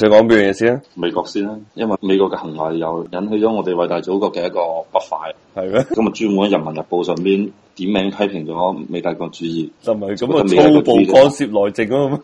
再講邊樣嘢先啦，美國先啦，因為美國嘅行為又引起咗我哋偉大祖國嘅一個不快，係咩嗎？今日專門喺《人民日報》上邊點名批評咗美帝國主義，就咪咁啊粗暴干涉內政咯，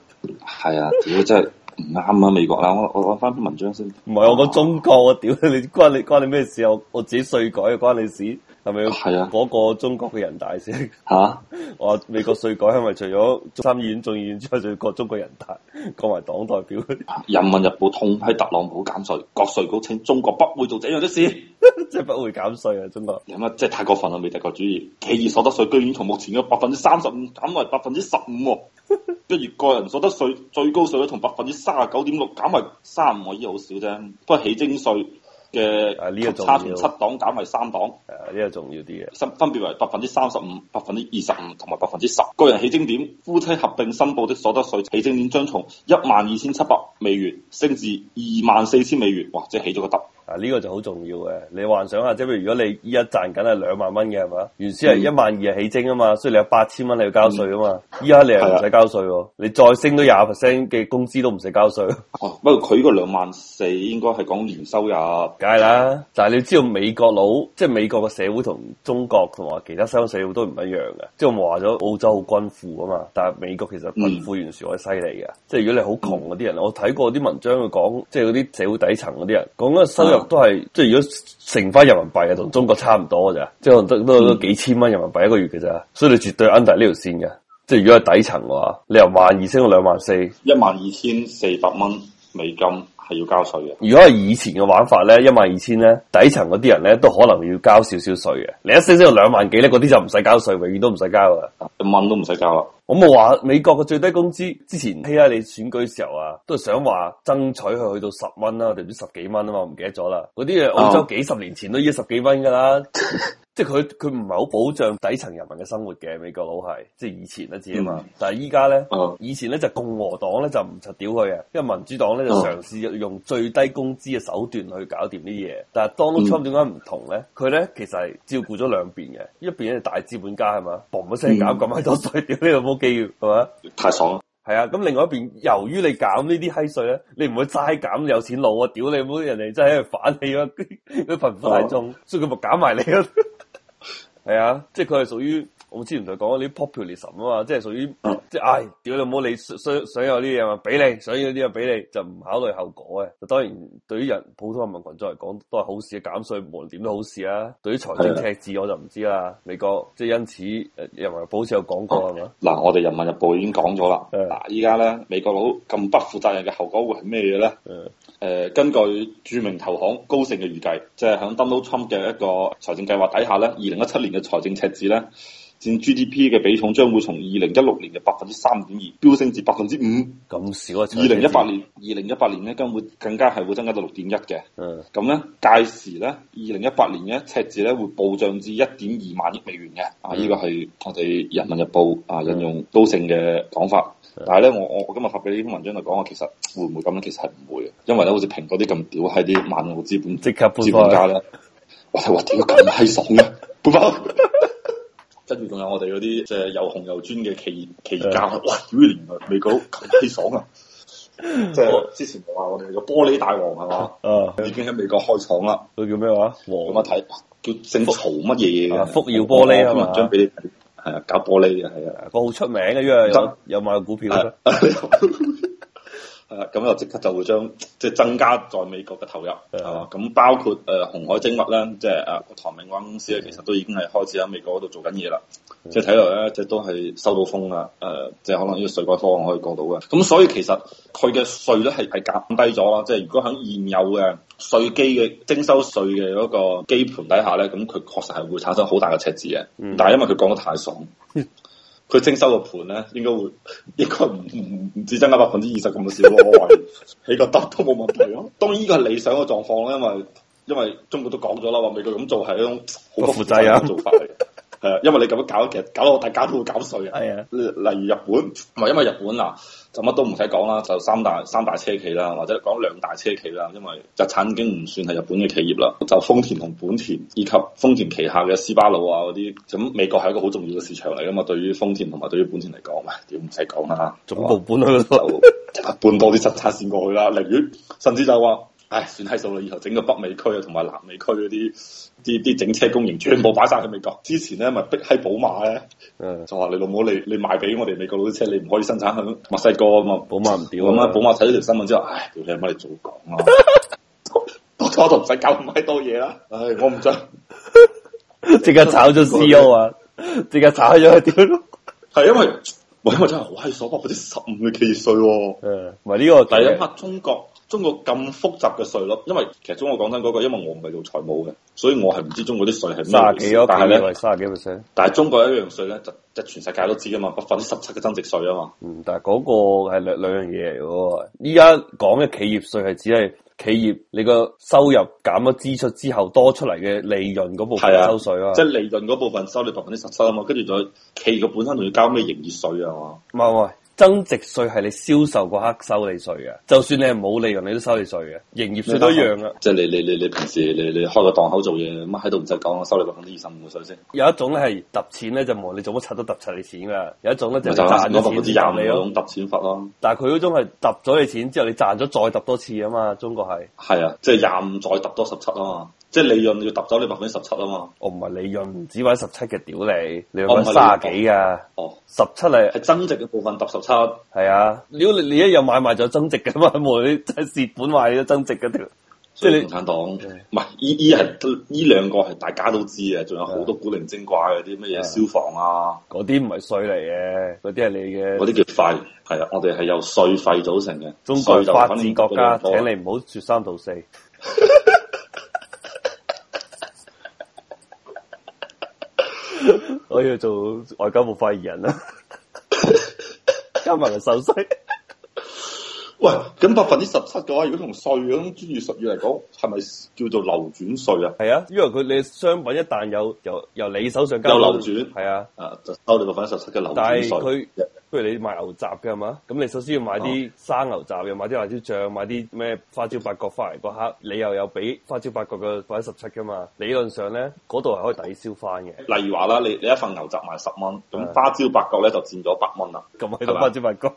係啊，屌、啊， 啊、真係唔啱啊美國啦，我我講翻篇文章先，唔係我講中國，啊。屌 你關你關你咩事啊？我自己稅改關你事。係咪？係啊！嗰個中國嘅人大先吓，我話美國稅改，因為除咗參議院、眾議院之外，仲要個中國人大，講埋黨代表。《人民日報》痛批特朗普減稅，國稅局稱中國不會做這樣的事， 即係不會減稅啊！中國，咁啊、嗯，即係太過分啦！美帝國主義，企業所得稅居然從目前嘅百分之三十五減為百分之十五，跟住 個人所得稅最高稅率，同百分之卅九點六減為三五毫二，已經好少啫，不過起徵稅。嘅、啊這個、差從七檔減為三檔，誒呢、啊這個重要啲嘅，分分別為百分之三十五、百分之二十五同埋百分之十。個人起徵點，夫妻合併申報的所得稅起徵點，將從一萬二千七百美元升至二萬四千美元，或者起咗個得。突。啊呢、這個就好重要嘅，你幻想下，即係如果你依家賺緊係兩萬蚊嘅係嘛，原先係一萬二啊起徵啊嘛，所以你有八千蚊你要交稅啊嘛，依家、嗯、你又唔使交稅喎，的你再升都廿 percent 嘅工資都唔使交稅、啊。不過佢個兩萬四應該係講年收入，梗係啦。但係你要知道美國佬，即、就、係、是、美國嘅社會同中國同埋其他西方社會都唔一樣嘅，即係話咗澳洲好均富啊嘛，但係美國其實均富原始好犀利嘅，嗯、即係如果你好窮嗰啲人，我睇過啲文章去講，即係嗰啲社會底層嗰啲人，講嗰個收入。都係即係如果乘翻人民幣啊，同中國差唔多嘅咋，即係可能得都幾千蚊人民幣一個月嘅咋，所以你絕對 under 呢條線嘅，即係如果係底層嘅話，你由萬二升到兩萬四，一萬二千四百蚊美金。係要交稅嘅。如果係以前嘅玩法咧，一萬二千咧，底層嗰啲人咧都可能要交少少稅嘅。你一升升到兩萬幾咧，嗰啲就唔使交稅，永遠都唔使交嘅，一蚊都唔使交啦。我冇話美國嘅最低工資，之前希拉里選舉時候啊，都係想話爭取佢去到十蚊啦，定唔知十幾蚊啊嘛，我唔記得咗啦。嗰啲嘢歐洲幾十年前都已經十幾蚊噶啦， 即係佢佢唔係好保障底層人民嘅生活嘅。美國佬係即係以前都知啊嘛。嗯、但係依家咧，嗯、以前咧就共和黨咧就唔實屌佢啊，因為民主黨咧就嘗試咗。嗯 用最低工資嘅手段去搞掂啲嘢，但係 Donald Trump 點解唔同咧？佢咧其實係照顧咗兩邊嘅，一邊係大資本家係嘛，嘣一聲搞，咁埋多稅，屌你有冇機㗎？係嘛，太爽啦！係啊，咁另外一邊，由於你減呢啲閪稅咧，你唔會齋減有錢佬啊！屌你有冇人哋真係喺度反你啊？佢貧富大眾，所以佢咪減埋你啊！係啊，即係佢係屬於。我之前就佢講嗰啲 populism 啊嘛，即係屬於即係，唉，屌你冇理想想有啲嘢嘛，俾你想要啲嘢俾你，就唔考慮後果嘅。就當然對於人普通人民群眾嚟講，都係好事啊，減稅無論點都好事啊。對於財政赤字我就唔知啦。美國即係因此人民報好似有講過係咪？嗱，我哋人民日報已經講咗啦。嗱吧，依家咧美國佬咁不負責任嘅後果會係咩嘢咧？誒吧、呃，根據著名投行高盛嘅預計，即係響 Donald Trump 嘅一個財政計劃底下咧，二零一七年嘅財政赤字咧。佔 GDP 嘅比重將會從二零一六年嘅百分之三點二飆升至百分之五，咁少，啊。二零一八年，二零一八年咧，更會更加係會增加到六點一嘅。咁咧，屆的時咧，二零一八年嘅赤字咧，會暴漲至一點二萬億美元嘅。的啊，呢、這個係我哋人民日報的啊引用高盛嘅講法。的但係咧，我我我今日發俾呢篇文章就講啊，其實會唔會咁咧？其實係唔會嘅，因為咧，好似蘋果啲咁屌閪啲萬國資本資本，本家咧，我我點解咁閪爽嘅？ 跟住仲有我哋嗰啲即係又紅又專嘅企業企業家，啊、哇！屌，原來美國咁鬼爽啊！即係之前我話我哋個玻璃大王係嘛，啊、已經喺美國開廠啦。佢叫咩話？王咁啊睇，叫姓曹乜嘢嘢福耀玻璃係、啊、嘛？張俾你睇，係啊，搞玻璃嘅係啊，個好出名嘅，因為有有買股票係咁又即刻就會將即係增加在美國嘅投入係嘛？咁的、啊、包括誒鴻、呃、海精密啦，即係啊、呃、唐明嗰間公司咧，的其實都已經係開始喺美國嗰度做緊嘢啦。即係睇落咧，即係都係收到風啦。誒、呃，即係可能呢個稅改方案可以過到嘅。咁的所以其實佢嘅稅咧係係減低咗啦。即係如果喺現有嘅稅基嘅徵收稅嘅嗰個基盤底下咧，咁佢確實係會產生好大嘅赤字嘅。嗯、但係因為佢講得太爽。嗯佢徵收個盤咧，應該會應該唔唔唔止增加百分之二十咁嘅少咯，我話起個得都冇問題咯？當然呢個係理想嘅狀況啦，因為因為中國都講咗啦，話美國咁做係一種好負債嘅做法嚟。誒，因為你咁樣搞，其實搞到大家都會搞衰啊。係啊的，例如日本，唔係因為日本嗱、啊，就乜都唔使講啦，就三大三大車企啦，或者講兩大車企啦，因為日產已經唔算係日本嘅企業啦，就豐田同本田以及豐田旗下嘅斯巴魯啊嗰啲，咁美國係一個好重要嘅市場嚟噶嘛，對於豐田同埋對於本田嚟講，咪屌唔使講啦，總部搬去、啊、 就搬多啲生產線過去啦，寧願甚至就話。唉、哎，算閪數啦！以後整個北美區啊，同埋南美區嗰啲，啲啲整車供應全部擺晒喺美國。之前咧咪逼喺寶馬咧，就話你老母，你你賣俾我哋美國佬啲車，你唔可以生產去墨西哥嘛！寶馬唔屌咁啊！寶馬睇咗條新聞之後，唉、哎，屌你媽，你早講啊、 哎！我同細狗唔喺多嘢啦。唉，我唔想，即 刻炒咗 CEO 啊！即刻炒咗佢掉咯。係 因為，我因為真我真係好閪傻，嗰啲十五嘅企業稅，誒，喂，呢個第一 p 中國。中國咁複雜嘅稅率，因為其實中國講真嗰、那個，因為我唔係做財務嘅，所以我係唔知中國啲稅係咩。卅幾個，我睇佢係卅幾 percent。但係中國一樣稅咧，就即係全世界都知噶嘛，百分之十七嘅增值稅啊嘛。嗯，但係嗰個係兩兩樣嘢嚟噶喎。依家講嘅企業稅係只係企業你個收入減咗支出之後多出嚟嘅利潤嗰部分收稅啊。即係、就是、利潤嗰部分收你百分之十七啊嘛，跟住仲有企業嘅本身仲要交咩營業稅啊嘛。冇、嗯。增值稅係你銷售嗰刻收你稅嘅，就算你係冇利潤，你收稅稅都收你稅嘅，營業稅都一樣嘅。即係你、就是、你你你，你平時你你開個檔口做嘢，乜喺度唔使講，收你百分之二十五嘅稅先。有一種咧係揼錢咧，是就冇你做乜柒都揼齊你錢噶。有一種咧就賺咗錢你咯。揼錢法咯。但係佢嗰種係揼咗你錢之後，你賺咗再揼多次啊嘛。中國係。係啊，即係廿五再揼多十七啊嘛。即係利潤要揼走你百分之十七啊嘛。我唔係利潤，只搵十七嘅屌你，利潤三十幾噶。啊、哦，十七嚟，係增值嘅部分揼十差係啊！你一你一日買賣就增值噶嘛，冇你蝕本賣都增值嗰啲。即係共產黨，唔係依依係依兩個係大家都知嘅，仲有好多古靈精怪嗰啲乜嘢消防啊，嗰啲唔係稅嚟嘅，嗰啲係你嘅，嗰啲叫費，係啊，我哋係由稅費組成嘅，中國發展國家，請你唔好說三道四。 我要做外交部發言人啦。加埋個手稅， 喂，咁百分之十七嘅話，如果同稅嗰專業術語嚟講，係咪叫做流轉稅啊？係啊，因為佢你商品一旦有由由你手上交流轉，係啊，啊就收你百分之十七嘅流轉稅。但不如你賣牛雜嘅係嘛？咁你首先要買啲生牛雜，又買啲辣椒醬，買啲咩花椒八角、花嚟嗰刻，你又有俾花椒八角嘅或者十七嘅嘛？理論上咧，嗰度係可以抵消翻嘅。例如話啦，你你一份牛雜賣十蚊，咁花椒八角咧就佔咗百蚊啦。咁啊，花椒八角。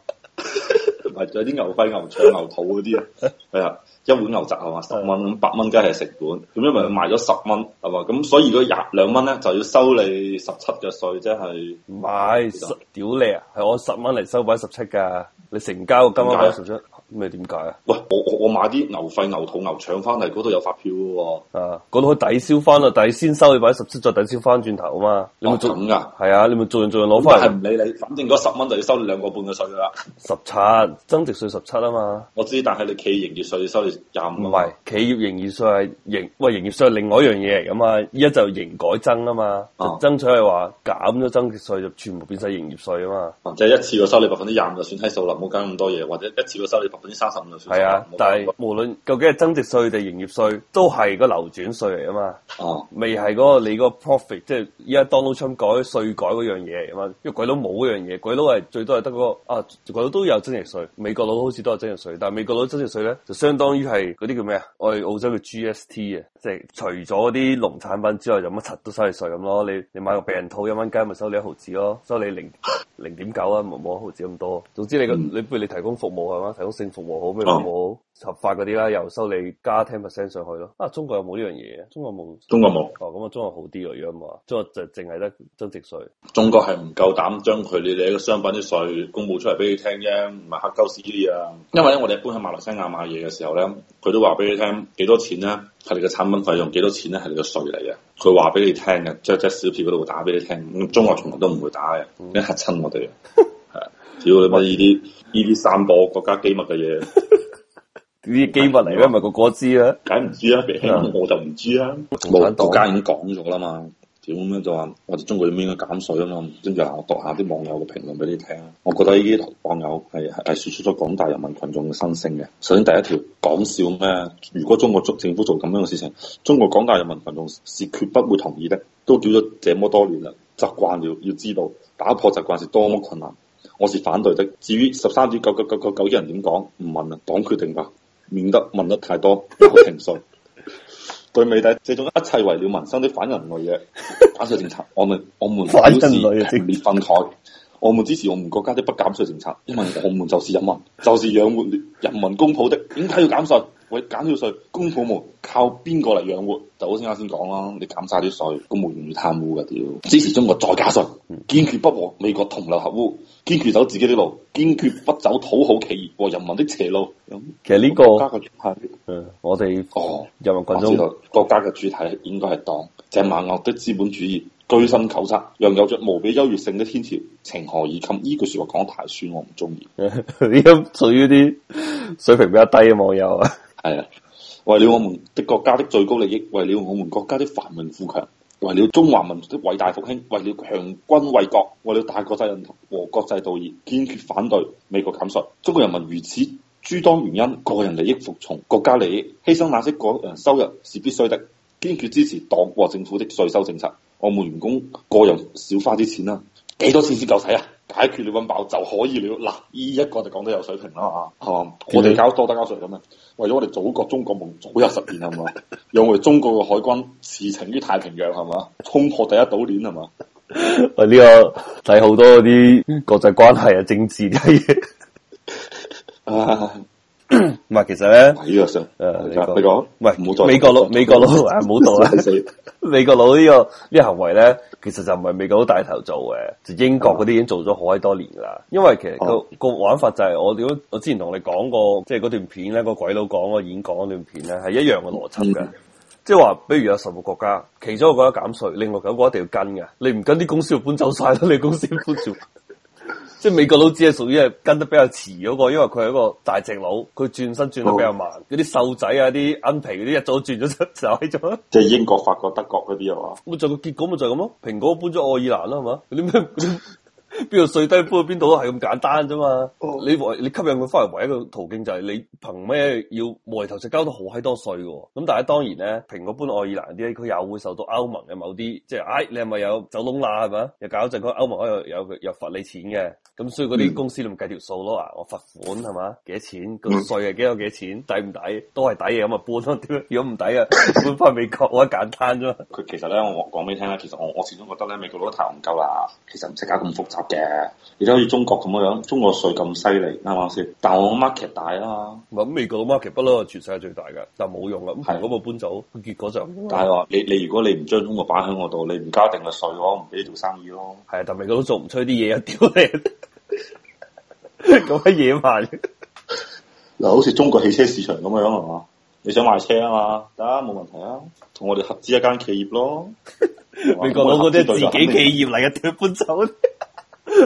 係仲有啲牛肺、牛腸、牛肚嗰啲啊，係啊，一碗牛雜係嘛十蚊，咁八蚊雞係成本。咁是的 因為佢賣咗十蚊係嘛，咁所以嗰廿兩蚊咧就要收你十七嘅稅，即係唔係，屌你啊，係我十蚊嚟收翻十七噶，你成交今晚十七。咩點解啊？喂，我我我買啲牛肺、牛肚、牛腸翻嚟，嗰度有發票噶喎、哦。啊，嗰度去抵消翻啦，但係先收你百一十七，再抵消翻轉頭嘛。你咪做咁噶？係、哦、啊，你咪做人做攞翻。咁係唔理你，反正嗰十蚊就要收你兩個半嘅稅噶啦。十七，增值稅十七啊嘛。我知，但係你企業營業稅收你廿五。唔係，企業營業稅係營喂營業稅係另外一樣嘢嚟噶嘛，依家就營改增啊嘛，嗯、爭取係話減咗增值稅就全部變晒營業稅啊嘛。嗯、即係一次過收你百分之廿五就算低數啦，冇加咁多嘢，或者一次過收你三十五係啊，但係是無論究竟係增值稅定營業稅，都係個流轉稅嚟啊嘛。哦，未係嗰個你個 profit，即係而家 Donald Trump 改稅改嗰樣嘢，嚟咁嘛。因為鬼佬冇嗰樣嘢，鬼佬係最多係得嗰個啊，鬼佬都有增值稅，美國佬好似都有增值稅，但係美國佬增值稅咧就相當於係嗰啲叫咩啊？我哋澳洲嘅 GST 啊，即係除咗啲農產品之外，就乜柒都收你稅咁咯。你你買個餅套一蚊雞，咪收你一毫子咯，收你零。 零點九啊，唔冇一毫子咁多。總之你個，嗯、你不如你提供服務係咪？提供性服務好唔好冇？哦合法嗰啲啦，又收你加 ten percent 上去咯。啊，中國有冇呢樣嘢？中國冇，中國冇。哦，咁啊，中國好啲啊樣嘛。中國就淨係得增值稅。中國係唔夠膽將佢哋嘅商品啲稅公布出嚟俾你聽啫，唔係黑鳩屎啲啊。因為咧，我哋一般喺馬來西亞買嘢嘅時候咧，佢都話俾你聽幾多錢咧係你嘅產品費用，幾多錢咧係你嘅稅嚟嘅。佢話俾你聽嘅，即係即係小票嗰度打俾你聽。中國從來都唔會打嘅，你嚇親我哋啊！ 只要你問呢啲呢啲散播國家機密嘅嘢。 呢啲機密嚟嘅，咪個個知啦，梗唔知啊，我就唔知啦。毛國家已經講咗啦嘛，點樣就話我哋中國有有應唔應該減稅啊嘛？跟住我讀一下啲網友嘅評論俾你聽。我覺得呢啲網友係係說出咗廣大人民群眾嘅心聲嘅。首先第一條講笑咩？如果中國中政府做咁樣嘅事情，中國廣大人民群眾是絕不會同意的。都叫咗這麼多年啦，習慣了，要知道打破習慣是多麼困難。我是反對的。至於十三點九九九九九億人點講，唔問啦，啊，黨決定吧。免得問得太多情緒， 對美帝這種一切為了民生的反人類嘅反稅政策，我們我們支持分裂分開，我們支持我們國家的不減稅政策，因為我們就是人民，就是養活人民公僕的，點解要減稅？我減少稅，公僕們靠邊個嚟養活？就好似啱先講啦，你減晒啲稅，公務員要貪污嘅屌！支持中國再加稅，堅決不和美國同流合污，堅決走自己啲路，堅決不走討好企業和人民的邪路。咁，其實呢、這個，國家主嗯，我哋哦，我知道國家嘅主體應該係黨。這萬惡的資本主義居心叵測，又有着無比優越性嘅天朝情何以堪？呢句說話講太酸，算我唔中意。呢啲屬於啲水平比較低嘅網友啊。係啊，為了我們的國家的最高利益，為了我們國家的繁榮富強，為了中華民族的偉大復興，為了強軍衛國，為了大國際認同和國際道義，堅決反對美國減稅。中國人民如此諸多原因，個人利益服從國家利益，犧牲那些個人收入是必須的。堅決支持黨和政府的稅收政策。我們員工個人少花啲錢啦，幾多錢先夠使啊？解決你溫飽就可以了，嗱，呢一個就講得有水平啦啊，係嘛？嗯、我哋交多得交稅咁樣，為咗我哋祖國中國夢早日實現係嘛？讓我 中國嘅海軍馳騁於太平洋係嘛？衝破第一島鏈係嘛？啊呢、 這個睇好多啲國際關係啊，政治嘅 啊。唔係，其實咧呢個誒，你講，唔係冇錯，美國佬，美國佬啊，冇錯啦，美國佬呢個呢行為咧，其實就唔係美國佬帶頭做嘅，就英國嗰啲已經做咗好閪多年啦。因為其實個個玩法就係我如果我之前同你講過，即係嗰段片咧，個鬼佬講個演講嗰段片咧，係一樣嘅邏輯嘅，即係話，比如有十個國家，其中一個國家減稅，另外九個一定要跟㗎，你唔跟啲公司要搬走晒，你公司搬住。即係美國佬只係屬於係跟得比較遲嗰個，因為佢係一個大隻佬，佢轉身轉得比較慢，嗰啲瘦仔啊、啲鈎皮嗰啲一早轉咗出手喺咗。即係英國、法國、德國嗰啲係嘛？咪就個結果咪就係咁咯，蘋果搬咗愛爾蘭啦，係嘛？嗰啲咩？ 邊度稅低搬去邊度，都係咁簡單啫嘛？Oh. 你你吸引佢翻嚟，唯一嘅途徑就係你憑咩要外頭就交到好閪多稅嘅？咁但係當然咧，蘋果搬落愛爾蘭啲，佢又會受到歐盟嘅某啲，即係唉、哎，你係咪有走窿罅係咪？又搞一陣，嗰歐盟可能有又罰你錢嘅，咁所以嗰啲公司你咪計條數咯啊！我罰款係嘛？幾多錢、個稅啊？幾多幾多錢？抵唔抵？都係抵嘅，咁啊搬咯，如果唔抵啊，搬翻美國好簡單啫。佢其實咧，我講俾你聽啦，其實我我始終覺得咧，美國佬太憨鳩啦，其實唔使搞咁複雜。嘅，而家好似中國咁樣，中國稅咁犀利，啱唔啱先？但係我 market 大啦，咁美國 market 不嬲係全世界最大嘅，就冇用啦。係咁我搬走，結果就……但係話你你如果你唔將中國擺喺我度，你唔交定個稅，我唔俾你做生意咯。係啊，但係美國都做唔出啲嘢啊，屌 你，咁乜嘢嘛？嗱，好似中國汽車市場咁樣係嘛？你想買車啊嘛？得，冇問題啊，同我哋合資一間企業咯。 美國攞嗰啲自己企業嚟嘅，點樣搬走。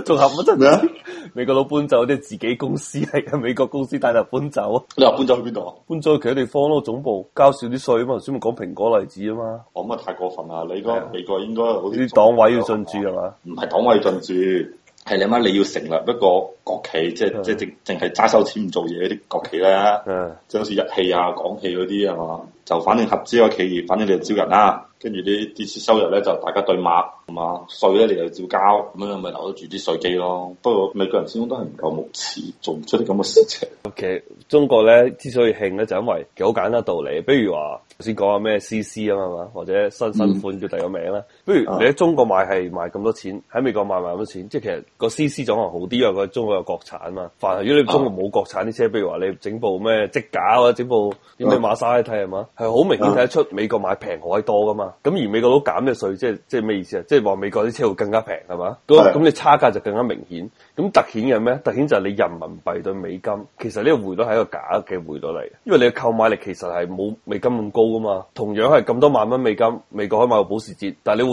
仲 合乜得？啊麼？美國佬搬走啲自己公司嚟嘅，美國公司帶頭搬走啊！你話搬走去邊度啊？搬咗去其他地方羅總部交少啲稅啊嘛！先咪講蘋果例子啊嘛！我咁啊太過分啦！你個美國應該啲黨委要進駐，係嘛？唔係黨委要進駐，係你媽你要成立一個國企，就是、的即係即係淨淨係揸收錢唔做嘢啲國企咧，即係的好似日企啊、港企嗰啲係嘛？就反正合資嘅企業，反正你就招人啦、啊。跟住啲啲收入咧就大家對碼，係、啊、嘛？稅咧你就照交，咁樣咪留得住啲稅基咯。不過美國人始終都係唔夠無恥，做唔出啲咁嘅事情。其實、okay, 中國咧之所以興咧，就因為幾好簡單道理。比如話頭先講下咩 C C 啊嘛，或者新新款叫第個名啦。嗯。不如你喺中國買係賣咁多錢，喺美國買賣咁多錢，即係其實個 C C 總行好啲啊！因為佢中國有國產啊嘛。凡係如果你中國冇國產啲車，譬如話你整部咩積架啊，整部點嘅馬沙睇係嘛，係好明顯睇得出美國買平好多噶嘛。咁而美國佬減咗稅，即係即係咩意思啊？即係話美國啲車會更加平係嘛？咁你差價就更加明顯。咁特顯嘅係咩？特顯就係你人民幣對美金，其實呢個匯率係一個假嘅匯率嚟，因為你嘅購買力其實係冇美金咁高噶嘛。同樣係咁多萬蚊美金，美國可以買個保時捷，但係你。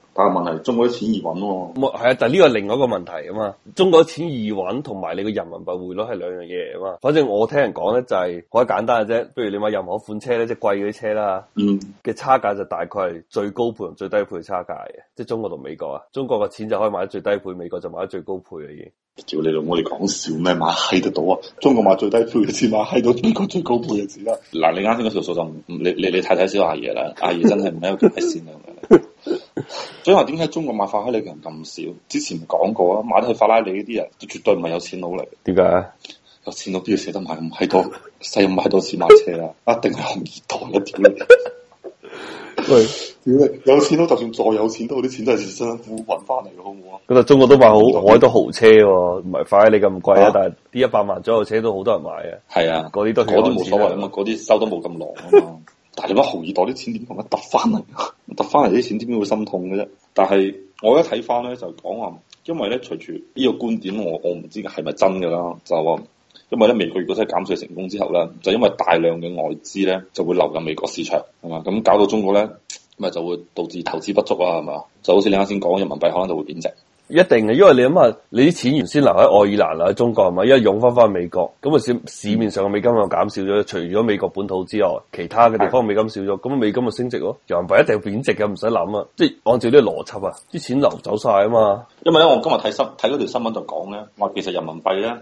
但係問題，中國啲錢易穩喎，係啊，嗯、但係呢個係另外一個問題啊嘛。中國啲錢易穩，同埋你個人民幣匯率係兩樣嘢啊嘛。反正我聽人講咧，就係、是、好簡單嘅啫。不如你買任何款車咧，即係貴嗰啲車啦，嘅、嗯、差價就大概係最高配同最低配差價嘅。即、就、係、是、中國同美國啊，中國嘅錢就可以買得最低配，美國就買得最高配嘅嘢。你叫你老母，你講笑咩？買閪得到啊！中國買最低配嘅錢買閪到，美國最高配嘅錢、啊、 啦。嗱，你啱先嗰條數就，你你你睇睇小阿爺啦，阿爺真係唔係幾善良啊。啊啊啊啊啊 所以話點解中國買法拉利嘅人咁少？之前講過啊，買得起法拉利嗰啲人，絕對唔係有錢佬嚟。點解？有錢佬必要捨得買咁太多，使咁多錢買車啊？ 一定係紅二代啊！屌， 喂 有錢佬就算再有錢，都啲錢都係辛苦揾翻嚟嘅，好唔好啊？咁啊，中國都買好好多豪車喎，唔係法拉利咁貴啊，但係啲一百萬左右車都好多人買啊。係啊，嗰啲都嗰啲冇所謂啊啦嘛，嗰啲收得冇咁狼啊嘛。但係點解豪二代啲錢點解揼翻嚟？揼翻嚟啲錢點解會心痛嘅啫？但係我一睇翻咧就講話，因為咧隨住呢個觀點，我我唔知係咪真嘅啦。就話因為咧美國如果真係減稅成功之後咧，就因為大量嘅外資咧就會流入美國市場，係嘛？咁搞到中國咧，咁咪就會導致投資不足啊？係咪啊？就好似你啱先講，人民幣可能就會貶值。一定嘅，因為你諗下，你啲錢原先留喺愛爾蘭、留喺中國係嘛，一湧返返美國，咁市面上嘅美金又減少咗，除咗美國本土之外，其他嘅地方的美金少咗，咁是的 美金咪升值咯，人民幣一定貶值嘅，唔使諗啊，即按照呢個邏輯啊，啲錢流走晒啊嘛，因為咧我今日睇新嗰條新聞就講咧，話其實人民幣呢。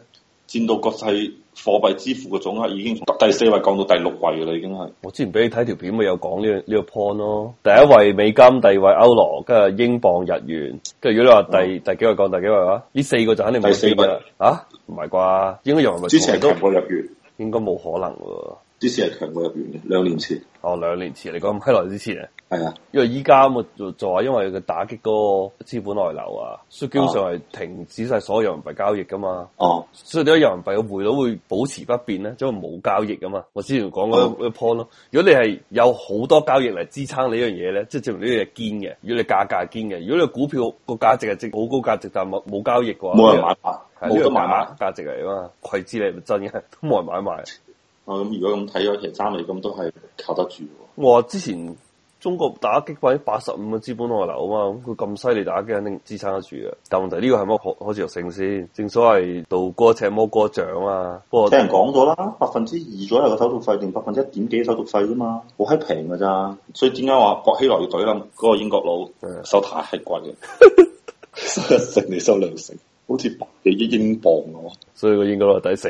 佔到國際貨幣支付嘅總額已經從第四位降到第六位啦，已經係。我之前俾你睇條片咪有講呢、呢個呢、呢個 point 咯。第一位美金，第二位歐羅，跟住英鎊、日元。跟住如果你話第、嗯、第幾位降，第幾位話？呢四個就肯定、啊、第四位啦。啊，唔係啩？應該用唔係？之前都冇日元，應該冇可能喎。支持係強過入邊嘅，兩年前哦，兩年前你講咁閪耐之前啊，係啊的，因為依家咁啊，就話因為佢打擊嗰個資本外流啊，所以基本上係停止晒所有人民幣交易噶嘛，哦，所以點解人民幣嘅匯率會保持不變咧，因為冇交易噶嘛。我之前講嗰一一 point 咯，哦、如果你係有好多交易嚟支撐呢樣嘢咧，即係證明呢啲係堅嘅，如果你價格係堅嘅，如果你股票個價值係值好高價值，但冇冇交易嘅話，冇人買，冇得買，價值嚟嘛，懷疑你係咪真嘅，都冇人買賣。咁如果咁睇咗，其實三厘咁都係靠得住。我話之前中國打擊過八十五嘅資本外流啊嘛，咁佢咁犀利打擊，肯定支撐得住嘅。但問題呢個係乜好似着性先？正所謂度哥赤魔哥掌啊。不過聽人講咗啦，百分之二左右嘅手續費定百分之一點幾手續費啫嘛，好閪平噶咋？所以點解話博起羅隊啦？嗰個英國佬手太貴嘅，一成定 收兩成，好似百幾億英鎊咁。所以個英國佬抵死。